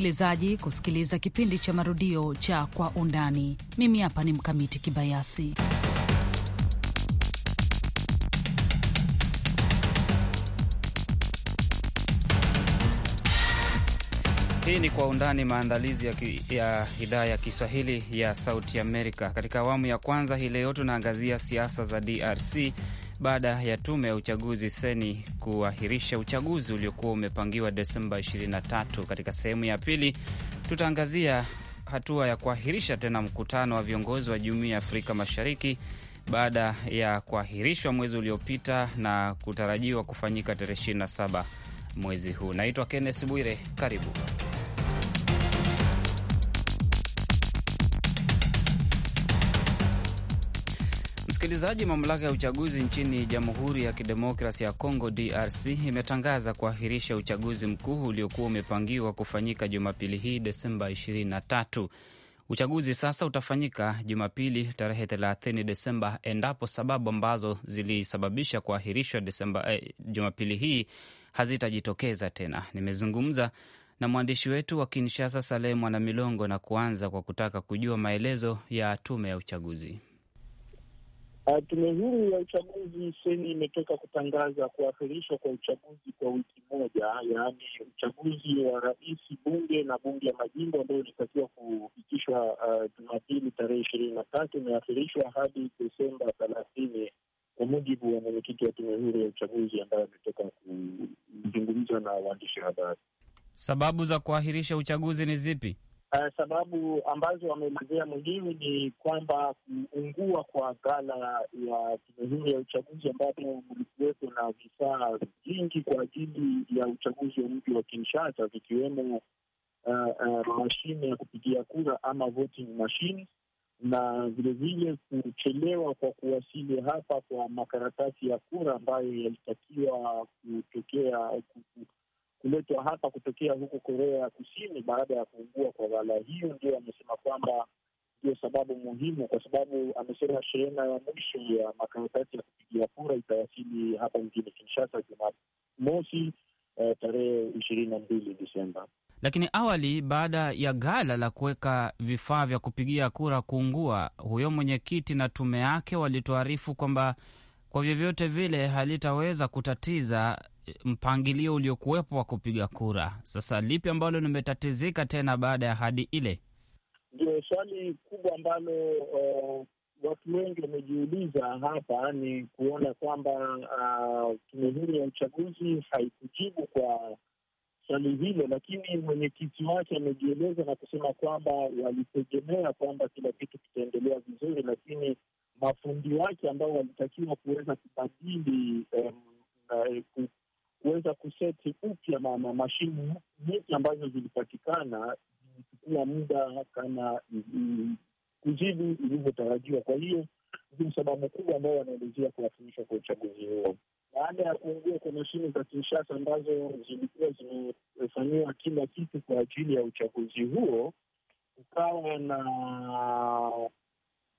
msikilizaji kusikiliza kipindi cha marudio cha Kwa Undani. Mimi hapa ni Mkamiti Kibayasi. Hii ni Kwa Undani, maandalizi ya, ya idhaa ya Kiswahili ya Sauti Amerika. Katika awamu ya kwanza hii leo tunaangazia siasa za DRC baada ya tume ya uchaguzi seni kuahirisha uchaguzi uliokuwa umepangiwa Desemba 23. Katika sehemu ya pili tutaangazia hatua ya kuahirisha tena mkutano wa viongozi wa jumuiya ya Afrika Mashariki baada ya kuahirishwa mwezi uliopita na kutarajiwa kufanyika tarehe 27 mwezi huu. Naitwa Kenneth Bwire, karibu. Msikilizaji, mamlaka ya uchaguzi nchini Jamhuri ya Kidemokrasi ya congo DRC, imetangaza kuahirisha uchaguzi mkuu uliokuwa umepangiwa kufanyika Jumapili hii Desemba 23. Uchaguzi sasa utafanyika Jumapili tarehe 30 Desemba endapo sababu ambazo zilisababisha kuahirishwa Desemba eh, Jumapili hii hazitajitokeza tena. Nimezungumza na mwandishi wetu wa Kinshasa, Salehe Mwanamilongo, Milongo, na kuanza kwa kutaka kujua maelezo ya tume ya uchaguzi. Uh, tume huru ya uchaguzi seni imetoka kutangaza kuahirishwa kwa uchaguzi kwa wiki moja, yaani uchaguzi wa rais, bunge na bunge ya majimbo ambayo ilitakiwa kufikishwa uh, Jumapili tarehe ishirini na tatu imeahirishwa hadi Desemba thelathini kwa mujibu wa mwenyekiti wa tume huru ya uchaguzi ambayo ametoka kuzungumza na waandishi habari. Sababu za kuahirisha uchaguzi ni zipi? Uh, sababu ambazo wameelezea mwenyewe ni kwamba kuungua kwa gala ya tume hiyo ya uchaguzi ambapo mlikuwepo na vifaa vingi kwa ajili ya uchaguzi wa mji wa Kinshasa vikiwemo uh, uh, mashine ya kupigia kura ama voting machine na vilevile kuchelewa kwa kuwasili hapa kwa makaratasi ya kura ambayo yalitakiwa kutokea kuletwa hapa kutokea huko Korea ya Kusini baada ya kuugua kwa ghala Hiyo ndio amesema kwamba ndio sababu muhimu, kwa sababu amesema shehena ya mwisho ya makaratasi ya kupigia kura itawasili hapa mjini Kinshasa Jumamosi eh, tarehe ishirini na mbili Desemba. Lakini awali, baada ya ghala la kuweka vifaa vya kupigia kura kuungua, huyo mwenyekiti na tume yake walituarifu kwamba kwa vyovyote vile halitaweza kutatiza mpangilio uliokuwepo wa kupiga kura. Sasa lipi ambalo limetatizika tena baada ya hadi ile? Ndio swali kubwa ambalo uh, watu wengi wamejiuliza hapa, ni kuona kwamba uh, tume huru ya uchaguzi haikujibu kwa swali hilo, lakini mwenyekiti wake amejieleza na kusema kwamba walitegemea kwamba kila kitu kitaendelea vizuri, lakini mafundi wake ambao walitakiwa kuweza kubadili um, kuweza kuseti upya mashini nyingi ambazo zilipatikana zilichukua muda kama kuzidi ilivyotarajiwa. Kwa hiyo ndio sababu kubwa ambao wanaelezea kuwasilishwa kwa uchaguzi huo, baada ya kuungua kwa mashine za Kinshasa ambazo zilikuwa zimefanyiwa kila kitu kwa ajili ya uchaguzi huo, kukawa na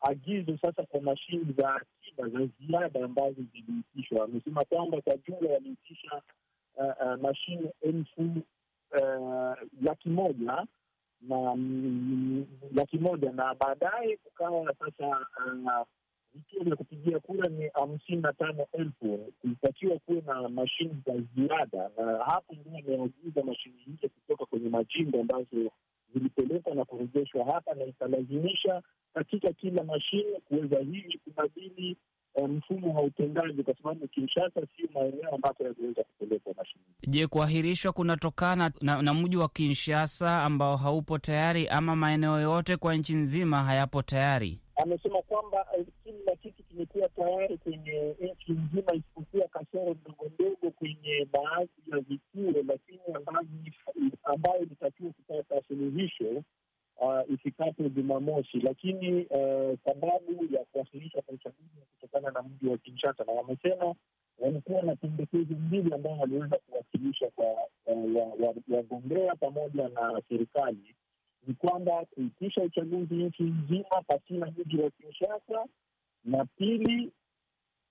agizo sasa kwa mashini za akiba za ziada ambazo ziliitishwa. Amesema kwamba kwa jumla waliitisha uh, eh, uh, eh, mashini elfu uh, laki moja na laki moja na baadaye kukawa sasa uh, vituo vya kupigia kura ni hamsini na tano elfu kulitakiwa kuwe na mashini za ziada, na hapo ndio ameagiza mashini hizo kutoka kwenye majimbo ambazo zilipelekwa na kurejeshwa hapa, na ikalazimisha katika kila mashine kuweza hivi kubadili eh, mfumo wa utendaji, kwa sababu Kinshasa sio maeneo ambapo yaliweza kupelekwa mashine. Je, kuahirishwa kunatokana na, na mji wa Kinshasa ambao haupo tayari ama maeneo yote kwa nchi nzima hayapo tayari? Amesema kwamba eh, kila kitu kimekuwa tayari kwenye nchi nzima isipokuwa kasoro ndogo ndogo kwenye baadhi ya vituo, lakini ambavyo ambayo ilitakiwa kupata suluhisho uh, ifikapo Jumamosi, lakini uh, sababu ya kuwasilishwa kwa uchaguzi ni kutokana na mji wa Kinshasa, na wamesema walikuwa na pendekezo mbili ambayo waliweza kuwasilisha kwa uh, wagombea pamoja na serikali, ni kwamba kuitisha uchaguzi nchi nzima pasina mji wa Kinshasa, na pili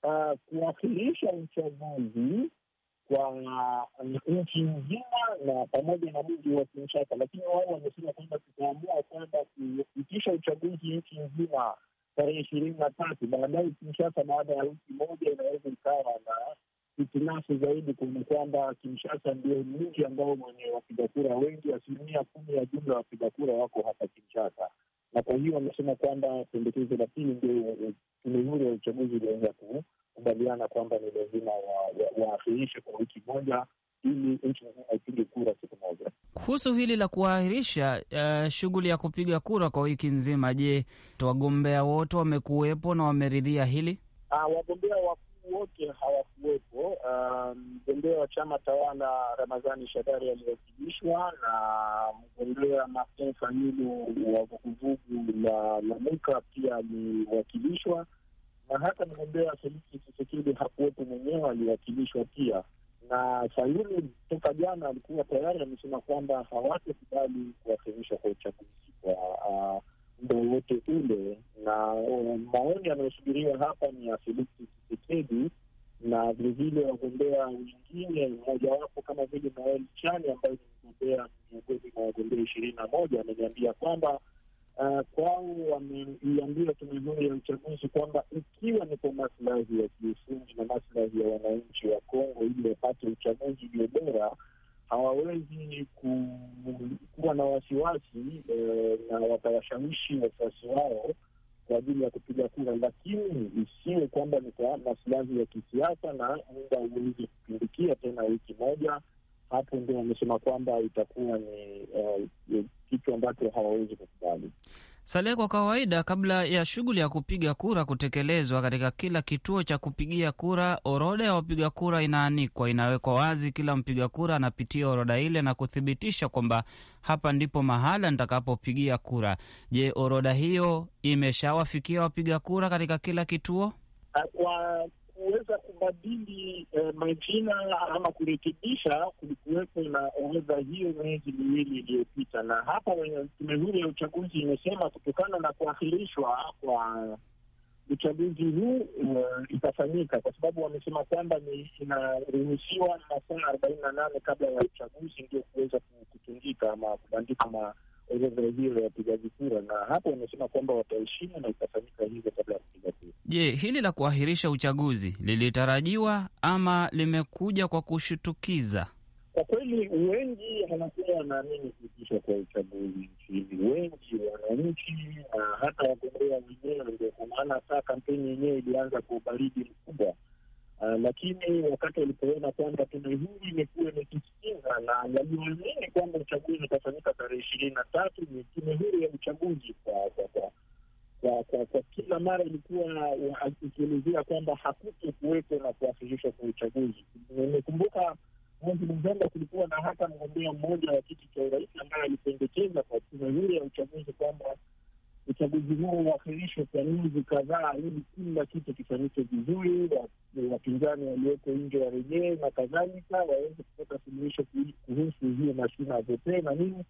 uh, kuahirisha uchaguzi kwa um, nchi nzima na pamoja na mji wa Kinshasa, lakini wao wamesema kwamba tutaamua kwamba kuitisha uchaguzi nchi nzima tarehe ishirini na tatu baadaye Kinshasa, baada ya wiki moja inaweza ikawa na hitilafu zaidi kwenye kwamba Kinshasa ndio mji ambao mwenye wapiga kura wengi, asilimia kumi ya jumla ya wapiga kura wako hapa Kinshasa, na kwa hiyo wamesema kwamba pendekezo la pili ndio eh, eh, tume huru ya uchaguzi uliweza wamekubaliana kwamba ni lazima waahirishe kwa wiki moja ili nchi nzima ipige kura siku moja. Kuhusu hili la kuahirisha uh, shughuli ya kupiga kura kwa wiki nzima, je, wagombea wote wamekuwepo na wameridhia hili? Uh, wagombea wakuu wote hawakuwepo. Ah, mgombea um, wa chama tawala Ramadhani Shadari aliwakilishwa na mgombea Martin Fayulu wa vuguvugu la Lamuka pia aliwakilishwa na hata mgombea Feliksi Chisekedi hakuwepo mwenyewe, aliwakilishwa pia na Sayuni. Toka jana alikuwa tayari amesema kwamba hawatakubali kuwasilishwa kwa uchaguzi kwa muda wowote ule, na maoni yanayosubiriwa hapa ni ya Feliksi Chisekedi na vilevile wagombea wengine, mmojawapo kama vile Noel Chani ambaye ni mgombea miongoni mwa wagombea ishirini na moja ameniambia kwamba Eh, kwao wameiambia tume huru ya uchaguzi kwamba ikiwa ni kwa maslahi ya kiufundi na maslahi ya wananchi wa Kongo ili wapate uchaguzi ulio bora hawawezi kuwa na wasiwasi eh, na watawashawishi wafuasi wao kwa ajili ya kupiga kura, lakini isiwe kwamba ni kwa masilahi ya kisiasa na muda uweze kupindikia tena wiki moja hapo ndio wamesema kwamba itakuwa ni uh, kitu ambacho hawawezi kukubali. Saleh, kwa kawaida, kabla ya shughuli ya kupiga kura kutekelezwa katika kila kituo cha kupigia kura, orodha ya wapiga kura inaanikwa, inawekwa wazi. Kila mpiga kura anapitia orodha ile na kuthibitisha kwamba hapa ndipo mahala nitakapopigia kura. Je, orodha hiyo imeshawafikia wapiga kura katika kila kituo? Eh, kwa kuweza kubadili eh, majina ama kurekebisha, kulikuwepo na orodha hiyo miezi miwili iliyopita, na hapa tume huru ya uchaguzi imesema kutokana na kuahirishwa kwa uchaguzi huu eh, itafanyika kwa sababu wamesema kwamba inaruhusiwa masaa arobaini na nane kabla ya uchaguzi ndio kuweza kutungika ama kubandika ma kueleza hiyo ya kura, na hapo wamesema kwamba wataheshimu na itafanyika hivyo kabla ya kupiga kura. Je, hili la kuahirisha uchaguzi lilitarajiwa ama limekuja kwa kushutukiza? Kwa kweli, wengi hawakuwa wanaamini kuitishwa kwa uchaguzi nchini, wengi wananchi na hata wagombea wenyewe. Ndio kwa maana hata kampeni yenyewe ilianza kwa ubaridi mkubwa. Uh, lakini wakati walipoona kwamba tume hii imekuwa sasa, na kwamba uchaguzi utafanyika tarehe ishirini na tatu. Ni tume huru ya uchaguzi kwa kila mara ilikuwa ikielezea kwamba hakuto kuwepo na kuahirishwa kwa uchaguzi. Nimekumbuka mwezi Novemba kulikuwa na hata mgombea mmoja wa kiti cha urais ambaye alipendekeza kwa tume huru ya uchaguzi kwamba uchaguzi huo uahirishwe kwa miezi kadhaa ili kila kitu kifanyike vizuri, wapinzani walioko nje warejee na kadhalika, waweze kupata suluhisho kuhusu hiyo mashina ya vote na nini.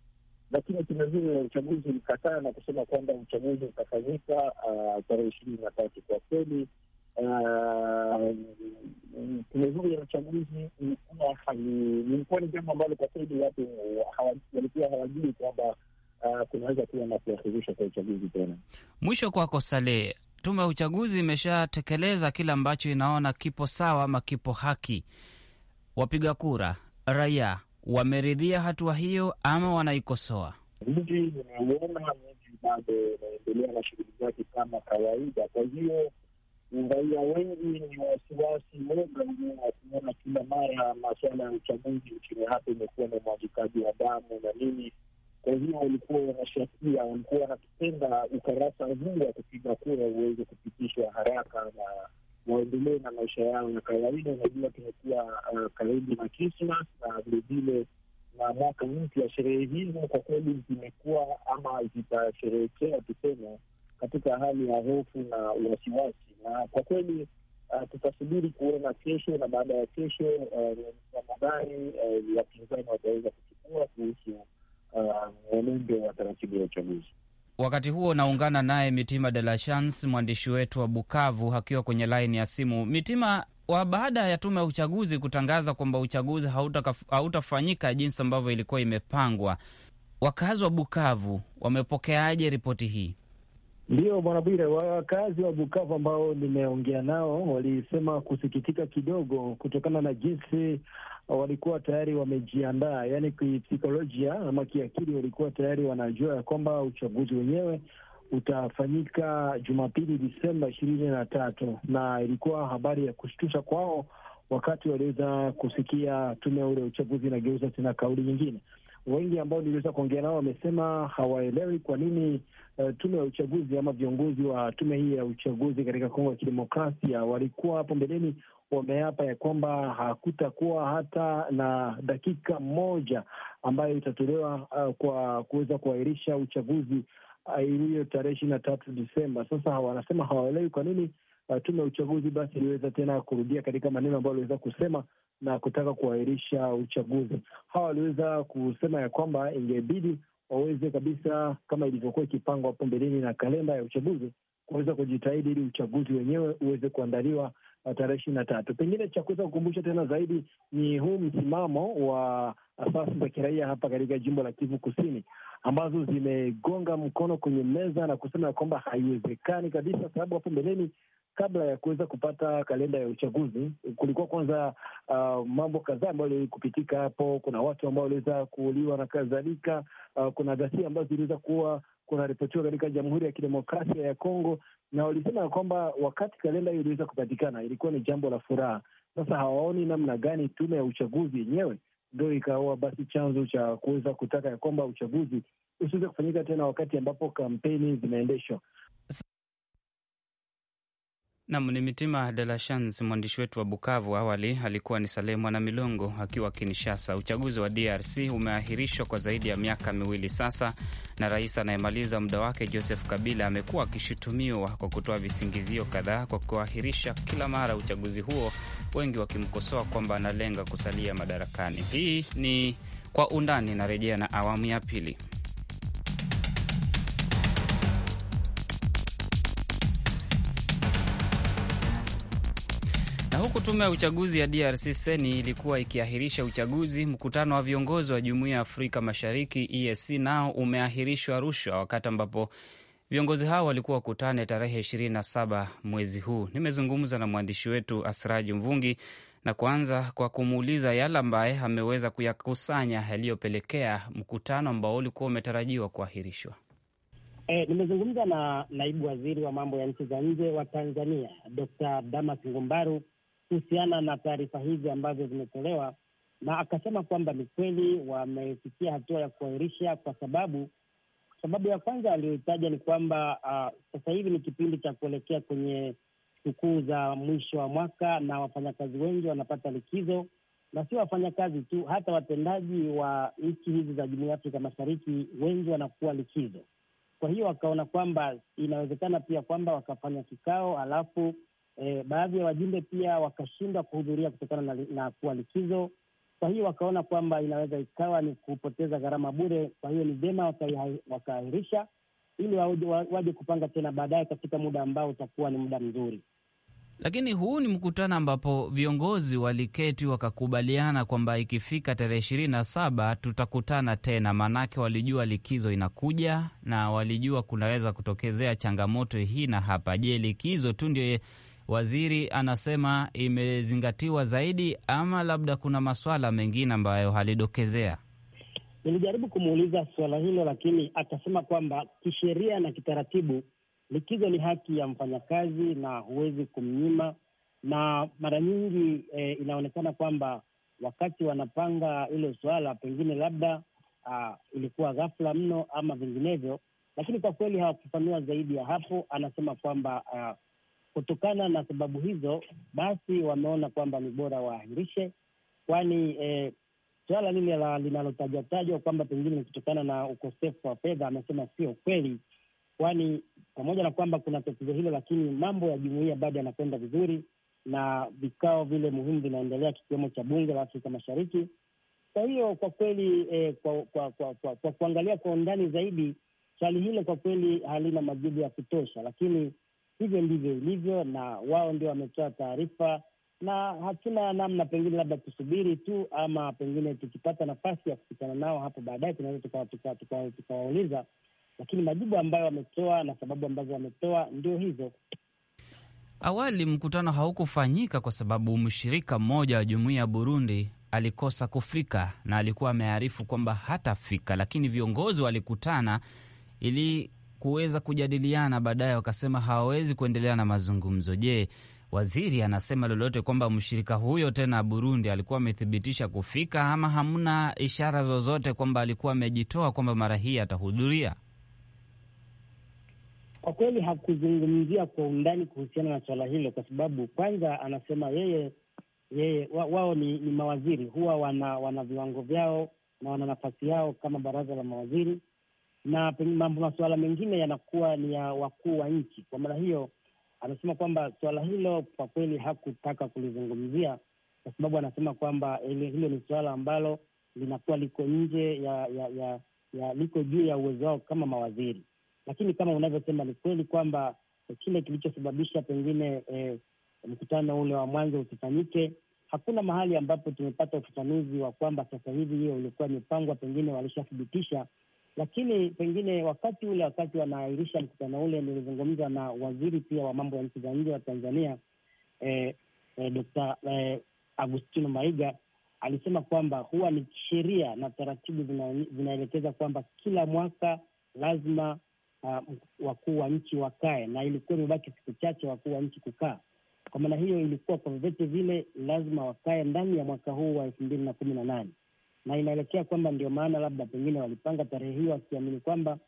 Lakini tume huru ya uchaguzi ulikataa na kusema kwamba uchaguzi utafanyika uh, tarehe ishirini na tatu. Kwa kweli uh, tume huru ya uchaguzi ilikuwa ni jambo ambalo kwa kweli watu walikuwa hawajui kwamba uh, kunaweza kuwa na kuahirisha kwa uchaguzi tena. Mwisho kwako Saleh tume ya uchaguzi imeshatekeleza kile ambacho inaona kipo sawa ama kipo haki. Wapiga kura raia wameridhia hatua hiyo ama wanaikosoa? Mji unauona, mji bado unaendelea na shughuli zake kama kawaida. Kwa hiyo raia wengi ni wasiwasi wa wakiona kila mara masuala ya uchaguzi nchini hapa imekuwa na mwajikaji wa damu na nini kwa hiyo walikuwa wanashakia, walikuwa wanakipenda ukarasa huu wa kupiga kura uweze kupitishwa haraka na waendelee na maisha yao ya kawaida. Unajua, tumekuwa uh, karibu na Krismas na vilevile na mwaka mpya. Sherehe hizo kwa kweli zimekuwa ama zitasherehekea, tuseme, katika hali ya hofu na wasiwasi, na kwa kweli uh, tutasubiri kuona kesho na baada ya kesho uh, ni namna gani wapinzani wataweza kuchukua kuhusu mwenendo uh, wa taratibu ya uchaguzi. Wakati huo naungana naye Mitima de la Chance, mwandishi wetu wa Bukavu, akiwa kwenye laini ya simu. Mitima, wa baada ya tume ya uchaguzi kutangaza kwamba uchaguzi hautafanyika hauta jinsi ambavyo ilikuwa imepangwa, wakazi wa Bukavu wamepokeaje ripoti hii? Ndio bwana Bwire, wakazi wa Bukavu ambao nimeongea nao walisema kusikitika kidogo kutokana na jinsi walikuwa tayari wamejiandaa, yani kisikolojia ama kiakili, walikuwa tayari wanajua ya kwamba uchaguzi wenyewe utafanyika Jumapili Disemba ishirini na tatu, na ilikuwa habari ya kushtusha kwao wakati waliweza kusikia tume ule uchaguzi inageuza tena kauli nyingine. Wengi ambao niliweza kuongea nao wamesema hawaelewi kwa nini uh, tume ya uchaguzi ama viongozi wa tume hii ya uchaguzi katika Kongo ya Kidemokrasia walikuwa hapo mbeleni wameapa ya kwamba hakutakuwa hata na dakika moja ambayo itatolewa uh, kwa kuweza kuahirisha uchaguzi uh, iliyo tarehe ishirini na tatu Disemba. Sasa wanasema hawaelewi kwa nini uh, tume ya uchaguzi basi iliweza tena kurudia katika maneno ambayo aliweza kusema na kutaka kuahirisha uchaguzi. Hawa waliweza kusema ya kwamba ingebidi waweze kabisa, kama ilivyokuwa ikipangwa hapo mbeleni na kalenda ya uchaguzi, kuweza kujitahidi ili uchaguzi wenyewe uweze kuandaliwa Uh, tarehe ishirini na tatu. Pengine cha kuweza kukumbusha tena zaidi ni huu msimamo wa asasi za kiraia hapa katika jimbo la Kivu Kusini ambazo zimegonga mkono kwenye meza na kusema ya kwamba haiwezekani kabisa, sababu hapo mbeleni kabla ya kuweza kupata kalenda ya uchaguzi kulikuwa kwanza uh, mambo kadhaa ambayo iliweza kupitika hapo. Kuna watu ambao waliweza kuuliwa na kadhalika. Uh, kuna ghasia ambazo ziliweza kuwa kunaripotiwa katika Jamhuri ya Kidemokrasia ya Kongo, na walisema ya kwamba wakati kalenda hiyo iliweza kupatikana ilikuwa ni jambo la furaha. Sasa hawaoni namna gani tume ya uchaguzi yenyewe ndo ikawa basi chanzo cha kuweza kutaka ya kwamba uchaguzi usiweze kufanyika tena wakati ambapo kampeni zinaendeshwa. Nam ni Mitima de la Shans, mwandishi wetu wa Bukavu. Awali alikuwa ni Saleh milongo akiwa Kinshasa. Uchaguzi wa DRC umeahirishwa kwa zaidi ya miaka miwili sasa, na rais anayemaliza muda wake Joseph Kabila amekuwa akishutumiwa kwa kutoa visingizio kadhaa kwa kuahirisha kila mara uchaguzi huo, wengi wakimkosoa kwamba analenga kusalia madarakani. Hii ni Kwa Undani, inarejea na awamu ya pili. Huku tume ya uchaguzi ya DRC seni ilikuwa ikiahirisha uchaguzi, mkutano wa viongozi wa jumuiya ya Afrika Mashariki EAC nao umeahirishwa Arusha, wakati ambapo viongozi hao walikuwa wakutane tarehe 27 mwezi huu. Nimezungumza na mwandishi wetu Asraji Mvungi na kuanza kwa kumuuliza yale ambaye ameweza kuyakusanya yaliyopelekea mkutano ambao ulikuwa umetarajiwa kuahirishwa. E, nimezungumza na naibu waziri wa mambo ya nchi za nje wa Tanzania Dr. Damas Ngumbaru kuhusiana na taarifa hizi ambazo zimetolewa, na akasema kwamba ni kweli wamefikia hatua ya kuahirisha kwa sababu sababu ya kwanza aliyohitaja ni kwamba uh, sasa hivi ni kipindi cha kuelekea kwenye sikukuu za mwisho wa mwaka na wafanyakazi wengi wanapata likizo, na sio wafanyakazi tu, hata watendaji wa nchi hizi za jumuiya ya Afrika Mashariki wengi wanakuwa likizo. Kwa hiyo wakaona kwamba inawezekana pia kwamba wakafanya kikao, alafu e, baadhi ya wajumbe pia wakashindwa kuhudhuria kutokana na, na kuwa likizo. Kwa hiyo wakaona kwamba inaweza ikawa ni kupoteza gharama bure, kwa hiyo ni vyema wakaahirisha ili waje kupanga tena baadaye katika muda ambao utakuwa ni muda mzuri. Lakini huu ni mkutano ambapo viongozi waliketi wakakubaliana kwamba ikifika tarehe ishirini na saba tutakutana tena, maanake walijua likizo inakuja na walijua kunaweza kutokezea changamoto hii na hapa. Je, likizo tu ndio waziri anasema imezingatiwa zaidi, ama labda kuna maswala mengine ambayo halidokezea? Nilijaribu kumuuliza suala hilo, lakini akasema kwamba kisheria na kitaratibu likizo ni haki ya mfanyakazi na huwezi kumnyima, na mara nyingi e, inaonekana kwamba wakati wanapanga hilo suala pengine labda a, ah, ilikuwa ghafla mno ama vinginevyo, lakini kwa kweli hawakufanua zaidi ya hapo. Anasema kwamba ah, Kutokana na sababu hizo, basi wameona kwamba ni bora waahirishe, kwani eh, suala lile la linalotajwatajwa kwamba pengine ni kutokana na ukosefu wa fedha, amesema sio kweli, kwani pamoja na kwamba kuna tatizo hilo, lakini mambo ya jumuiya bado yanakwenda vizuri na vikao vile muhimu vinaendelea, kikiwemo cha bunge la Afrika Mashariki. Kwa hiyo kwa kweli eh, kwa, kwa, kwa, kwa, kwa kuangalia kwa undani zaidi swali hilo kwa kweli halina majibu ya kutosha, lakini hivyo ndivyo ilivyo, na wao ndio wametoa taarifa, na hatuna namna, pengine labda tusubiri tu, ama pengine tukipata nafasi ya kukutana nao hapo baadaye tunaweza tukawauliza tuka, tuka, tuka, lakini majibu ambayo wametoa na sababu ambazo wametoa ndio hizo. Awali mkutano haukufanyika kwa sababu mshirika mmoja wa jumuiya ya Burundi alikosa kufika na alikuwa amearifu kwamba hatafika, lakini viongozi walikutana ili kuweza kujadiliana baadaye, wakasema hawawezi kuendelea na mazungumzo. Je, waziri anasema lolote kwamba mshirika huyo tena Burundi alikuwa amethibitisha kufika ama hamna ishara zozote kwamba alikuwa amejitoa kwamba mara hii atahudhuria? Kwa kweli hakuzungumzia kwa undani kuhusiana na swala hilo, kwa sababu kwanza anasema yeye yeye wa, wao ni, ni mawaziri huwa wana wana viwango vyao na wana nafasi yao kama baraza la mawaziri na mambo masuala mengine yanakuwa ni ya wakuu wa nchi. Kwa maana hiyo, anasema kwamba suala hilo kwa kweli hakutaka kulizungumzia kwa sababu anasema kwamba hilo ni suala ambalo linakuwa liko nje ya, ya, ya, ya liko juu ya uwezo wao kama mawaziri. Lakini kama unavyosema ni kweli kwamba kile kilichosababisha pengine eh, mkutano ule wa mwanzo usifanyike, hakuna mahali ambapo tumepata ufafanuzi wa kwamba sasa hivi hiyo ilikuwa imepangwa, pengine walishathibitisha lakini pengine wakati ule, wakati wanaahirisha mkutano ule, nilizungumza na waziri pia wa mambo ya nchi za nje wa Tanzania eh, eh, Dkt. eh, Agustino Maiga alisema kwamba huwa ni sheria na taratibu zinaelekeza zina kwamba kila mwaka lazima uh, wakuu wa nchi wakae, na ilikuwa imebaki siku chache wakuu wa nchi kukaa. Kwa maana hiyo, ilikuwa kwa vyovyote vile lazima wakae ndani ya mwaka huu wa elfu mbili na kumi na nane na inaelekea kwamba ndio maana labda pengine walipanga tarehe hiyo wakiamini kwamba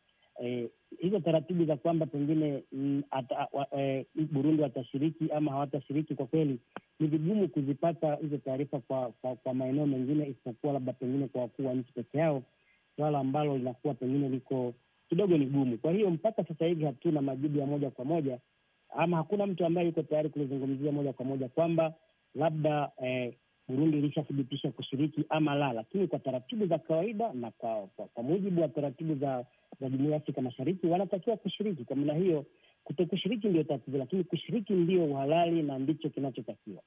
eh, hizo taratibu za kwamba pengine m, mm, ata, wa, e, Burundi watashiriki ama hawatashiriki, kwa kweli ni vigumu kuzipata hizo taarifa kwa, kwa, kwa maeneo mengine isipokuwa labda pengine kwa wakuu wa nchi peke yao, swala ambalo linakuwa pengine liko kidogo ni gumu. Kwa hiyo mpaka sasa hivi hatuna majibu ya moja kwa moja ama hakuna mtu ambaye yuko tayari kulizungumzia moja kwa moja kwamba labda eh, Burundi ilishathibitisha kushiriki ama la, lakini kwa taratibu za kawaida na kwa, kwa, kwa mujibu wa taratibu za za Jumuiya ya Afrika Mashariki wanatakiwa kushiriki. Kwa maana hiyo kuto kushiriki ndio tatizo, lakini kushiriki ndio uhalali na ndicho kinachotakiwa.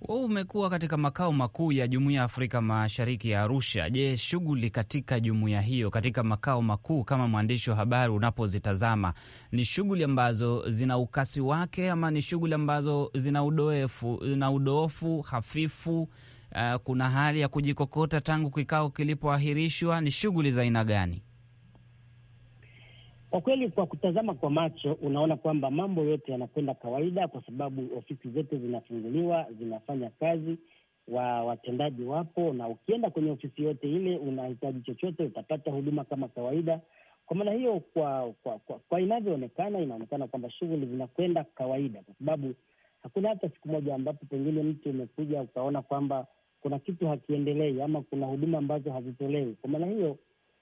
Umekuwa katika makao makuu ya Jumuiya ya Afrika Mashariki ya Arusha. Je, shughuli katika jumuiya hiyo katika makao makuu, kama mwandishi wa habari unapozitazama, ni shughuli ambazo zina ukasi wake ama ni shughuli ambazo zina udoefu, zina udoofu hafifu? Uh, kuna hali ya kujikokota tangu kikao kilipoahirishwa? Ni shughuli za aina gani? Kwa kweli, kwa kutazama kwa macho unaona kwamba mambo yote yanakwenda kawaida, kwa sababu ofisi zote zinafunguliwa, zinafanya kazi wa watendaji wapo, na ukienda kwenye ofisi yote ile unahitaji chochote utapata huduma kama kawaida. Kwa maana hiyo, kwa kwa, kwa, kwa inavyoonekana inaonekana kwamba shughuli zinakwenda kawaida, kwa sababu hakuna hata siku moja ambapo pengine mtu umekuja ukaona kwamba kuna kitu hakiendelei ama kuna huduma ambazo hazitolewi. Kwa maana hiyo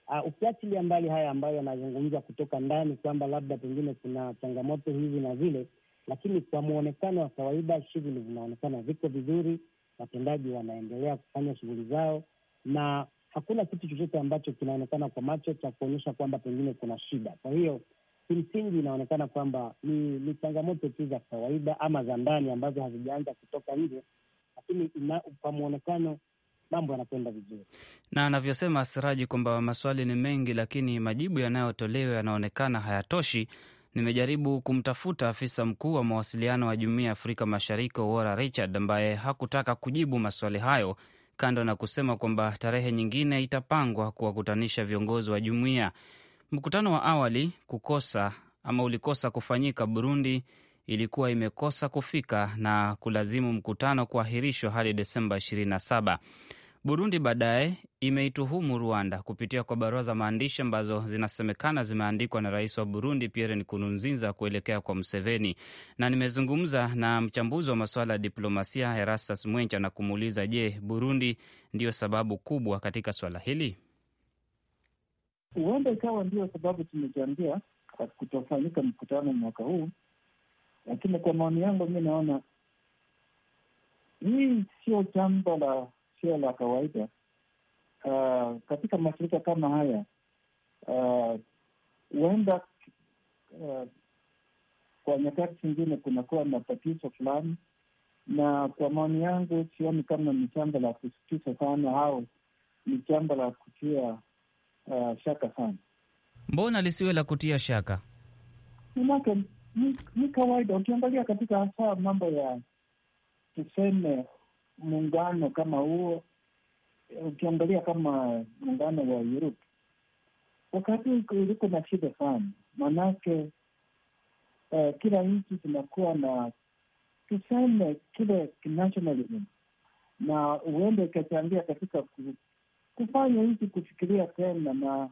Uh, ukiachilia mbali haya ambayo yanazungumza kutoka ndani kwamba labda pengine kuna changamoto hizi na zile lakini kwa mwonekano wa kawaida shughuli zinaonekana ziko vizuri, watendaji wanaendelea kufanya shughuli zao na hakuna kitu chochote ambacho kinaonekana kwa macho cha kuonyesha kwamba pengine kuna shida. Kwa hiyo kimsingi inaonekana kwamba ni, ni changamoto tu za kawaida ama za ndani ambazo hazijaanza kutoka nje, lakini kwa mwonekano mambo yanakwenda vizuri. Na anavyosema Siraji kwamba maswali ni mengi, lakini majibu yanayotolewa yanaonekana hayatoshi. Nimejaribu kumtafuta afisa mkuu wa mawasiliano wa Jumuiya ya Afrika Mashariki Wora Richard ambaye hakutaka kujibu maswali hayo, kando na kusema kwamba tarehe nyingine itapangwa kuwakutanisha viongozi wa jumuiya. Mkutano wa awali kukosa ama ulikosa kufanyika. Burundi ilikuwa imekosa kufika na kulazimu mkutano kuahirishwa hadi Desemba 27. Burundi baadaye imeituhumu Rwanda kupitia kwa barua za maandishi ambazo zinasemekana zimeandikwa na rais wa Burundi Pierre Nkurunziza kuelekea kwa Museveni. Na nimezungumza na mchambuzi wa masuala ya diplomasia Erastus Mwencha na kumuuliza, je, Burundi ndiyo sababu kubwa katika swala hili? Huenda ikawa ndiyo sababu tumechangia kwa kutofanyika mkutano mwaka huu, lakini kwa maoni yangu mi naona hii sio jambo la sio la kawaida uh, katika mashirika kama haya ah, huenda uh, uh, kwa nyakati zingine kunakuwa na tatizo fulani, na kwa maoni yangu sioni kama ni jambo la kusikiza sana au ni jambo la kutia uh, shaka sana. Mbona lisiwe la kutia shaka? Manake ni, ni kawaida. Ukiangalia katika hasa mambo ya tuseme muungano kama huo, ukiangalia kama muungano wa Europe, wakati uliko na shida sana, manake eh, kila nchi zinakuwa na tuseme kile nationalism na uende ikachangia katika kufanya nchi kufikiria tena na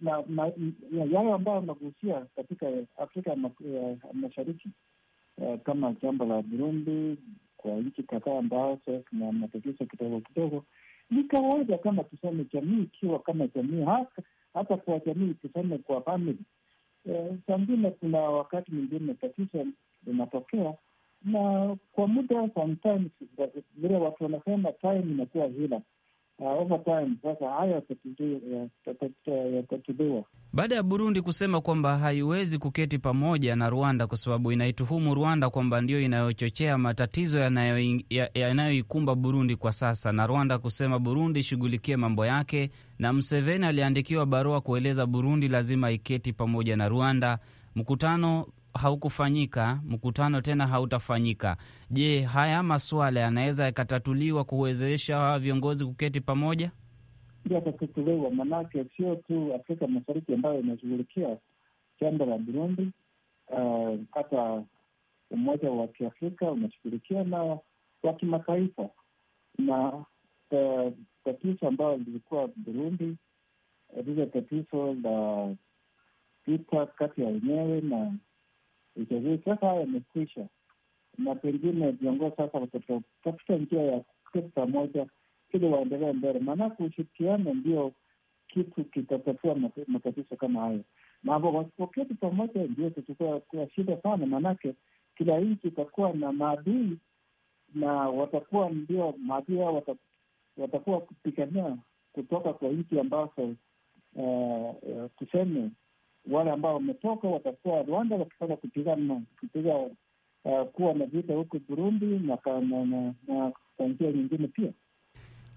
na, na yale ambayo amegusia katika Afrika ya Mashariki eh, kama jambo la Burundi, kwa nchi kadhaa ambazo zina matatizo kidogo kidogo, ni kawaida kama tuseme jamii ikiwa kama jamii hata hata kwa jamii tuseme kwa famili e, sangine, kuna wakati mwingine tatizo linatokea na kwa muda sometimes vile watu wanasema time inakuwa hila Ah, over time. Sasa baada ya Burundi kusema kwamba haiwezi kuketi pamoja na Rwanda kwa sababu inaituhumu Rwanda kwamba ndio inayochochea matatizo yanayoikumba ya, ya Burundi kwa sasa, na Rwanda kusema Burundi ishughulikie mambo yake, na Museveni aliandikiwa barua kueleza Burundi lazima iketi pamoja na Rwanda. Mkutano haukufanyika, mkutano tena hautafanyika. Je, haya maswala yanaweza yakatatuliwa kuwezesha hawa viongozi kuketi pamoja? Ndio, atatatuliwa, manake sio tu Afrika Mashariki ambayo inashughulikia jambo la Burundi. Uh, hata Umoja wa Kiafrika unashughulikia na wa kimataifa, na eh, tatizo ambayo lilikuwa Burundi, eh, lile tatizo la vita kati ya wenyewe na uchaguzi sasa haya yamekwisha, na pengine viongozi sasa watatafuta njia ya kuketi pamoja ili waendelee mbele, maanake ushirikiano ndio kitu kitatatua matatizo kama hayo. Mambo wasipoketi pamoja, ndio tutakuwa shida sana, maanake kila nchi itakuwa na maadui na watakuwa ndio maadui hao watakuwa kupigania kutoka kwa nchi ambazo uh, uh, tuseme wale ambao wametoka watakuwa Rwanda wakitaka kupigana kupiga uh, kuwa na vita huko Burundi na kwa njia nyingine pia.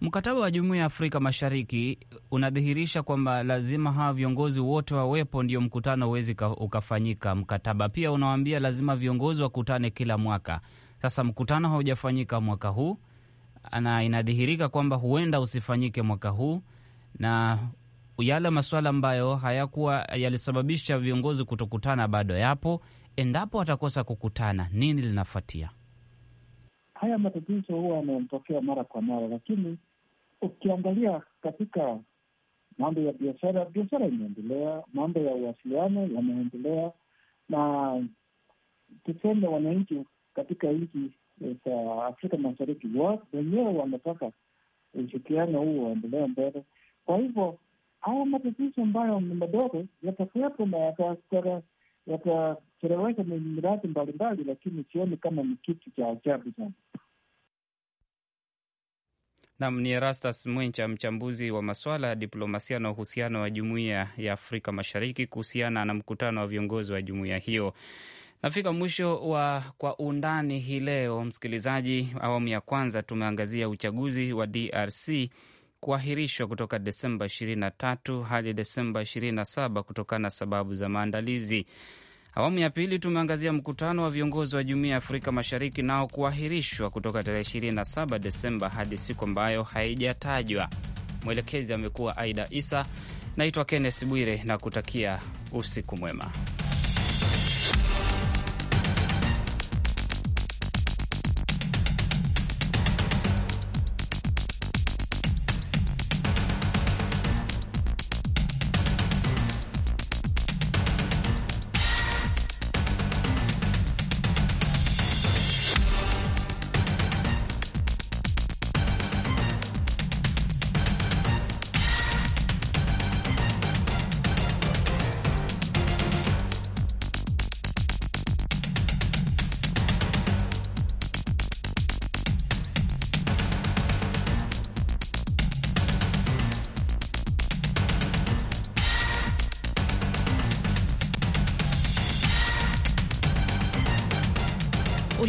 Mkataba wa Jumuiya ya Afrika Mashariki unadhihirisha kwamba lazima hawa viongozi wote wawepo, ndio mkutano uwezi ukafanyika. Mkataba pia unawaambia lazima viongozi wakutane kila mwaka. Sasa mkutano haujafanyika mwaka huu na inadhihirika kwamba huenda usifanyike mwaka huu, na yale masuala ambayo hayakuwa yalisababisha viongozi kutokutana bado yapo. Endapo watakosa kukutana, nini linafuatia? Haya matatizo huwa yanatokea mara kwa mara, lakini ukiangalia katika mambo ya biashara, biashara imeendelea, mambo ya uwasiliano yameendelea, na tuseme wananchi katika nchi eh, za Afrika Mashariki wenyewe wanataka ushirikiano huu waendelee mbele. Kwa hivyo haya matatizo ambayo ni madogo yatakuwepo na ni miradi mbalimbali, lakini sioni kama ni kitu cha ajabu sana. Nam ni Erastus Mwencha, mchambuzi wa maswala ya diplomasia na uhusiano wa jumuiya ya Afrika Mashariki kuhusiana na mkutano wa viongozi wa jumuiya hiyo. Nafika mwisho wa Kwa Undani hii leo, msikilizaji. Awamu ya kwanza tumeangazia uchaguzi wa DRC kuahirishwa kutoka Desemba 23 hadi Desemba 27 kutokana na sababu za maandalizi. Awamu ya pili tumeangazia mkutano wa viongozi wa jumuiya ya Afrika Mashariki nao kuahirishwa kutoka tarehe 27 Desemba hadi siku ambayo haijatajwa. Mwelekezi amekuwa Aida Isa. Naitwa kennes Bwire na kutakia usiku mwema.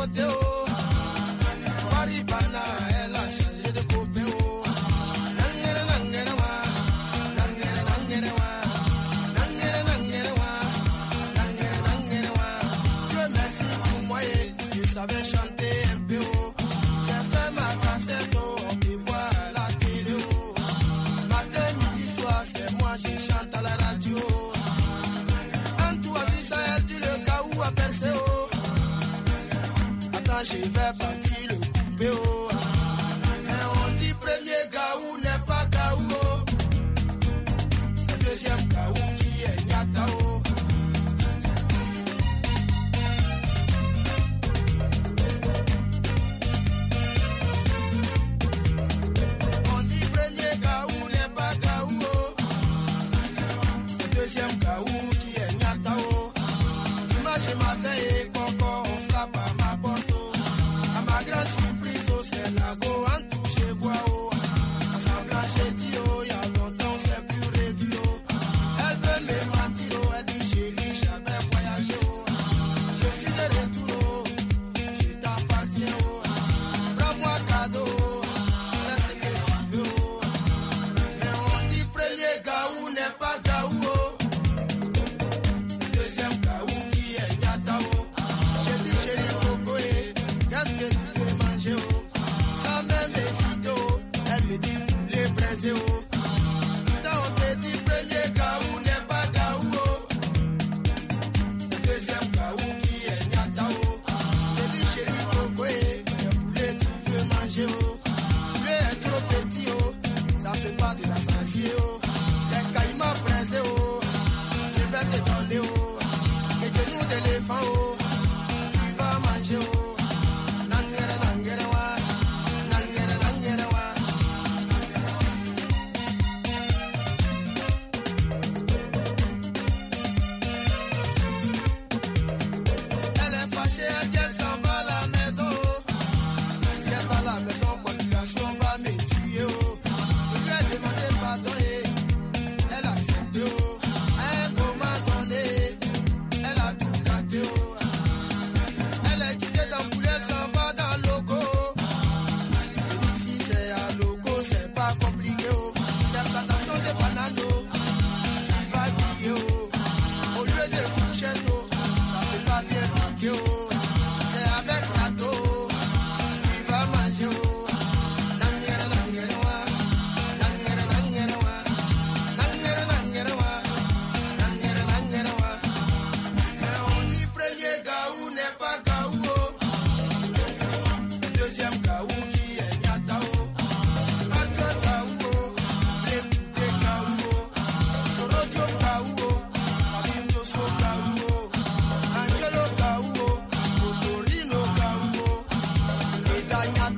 Je o savais chanter un j'ai fait ma la télé soir c'est moi je chante à la radio en toi tu le cas où à personne ṣe fẹ́ pàtí lòkùn gbé o.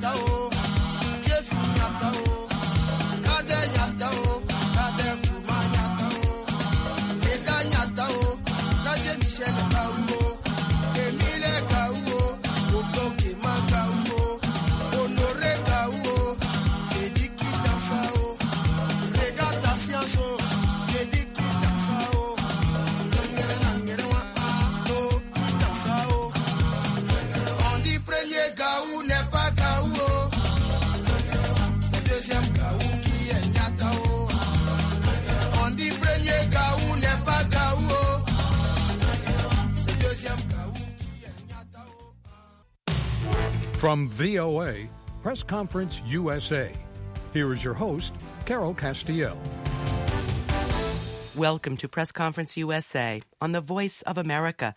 Santa From VOA, Press Conference USA, here is your host, Carol Castiel. Welcome to Press Conference USA on the Voice of America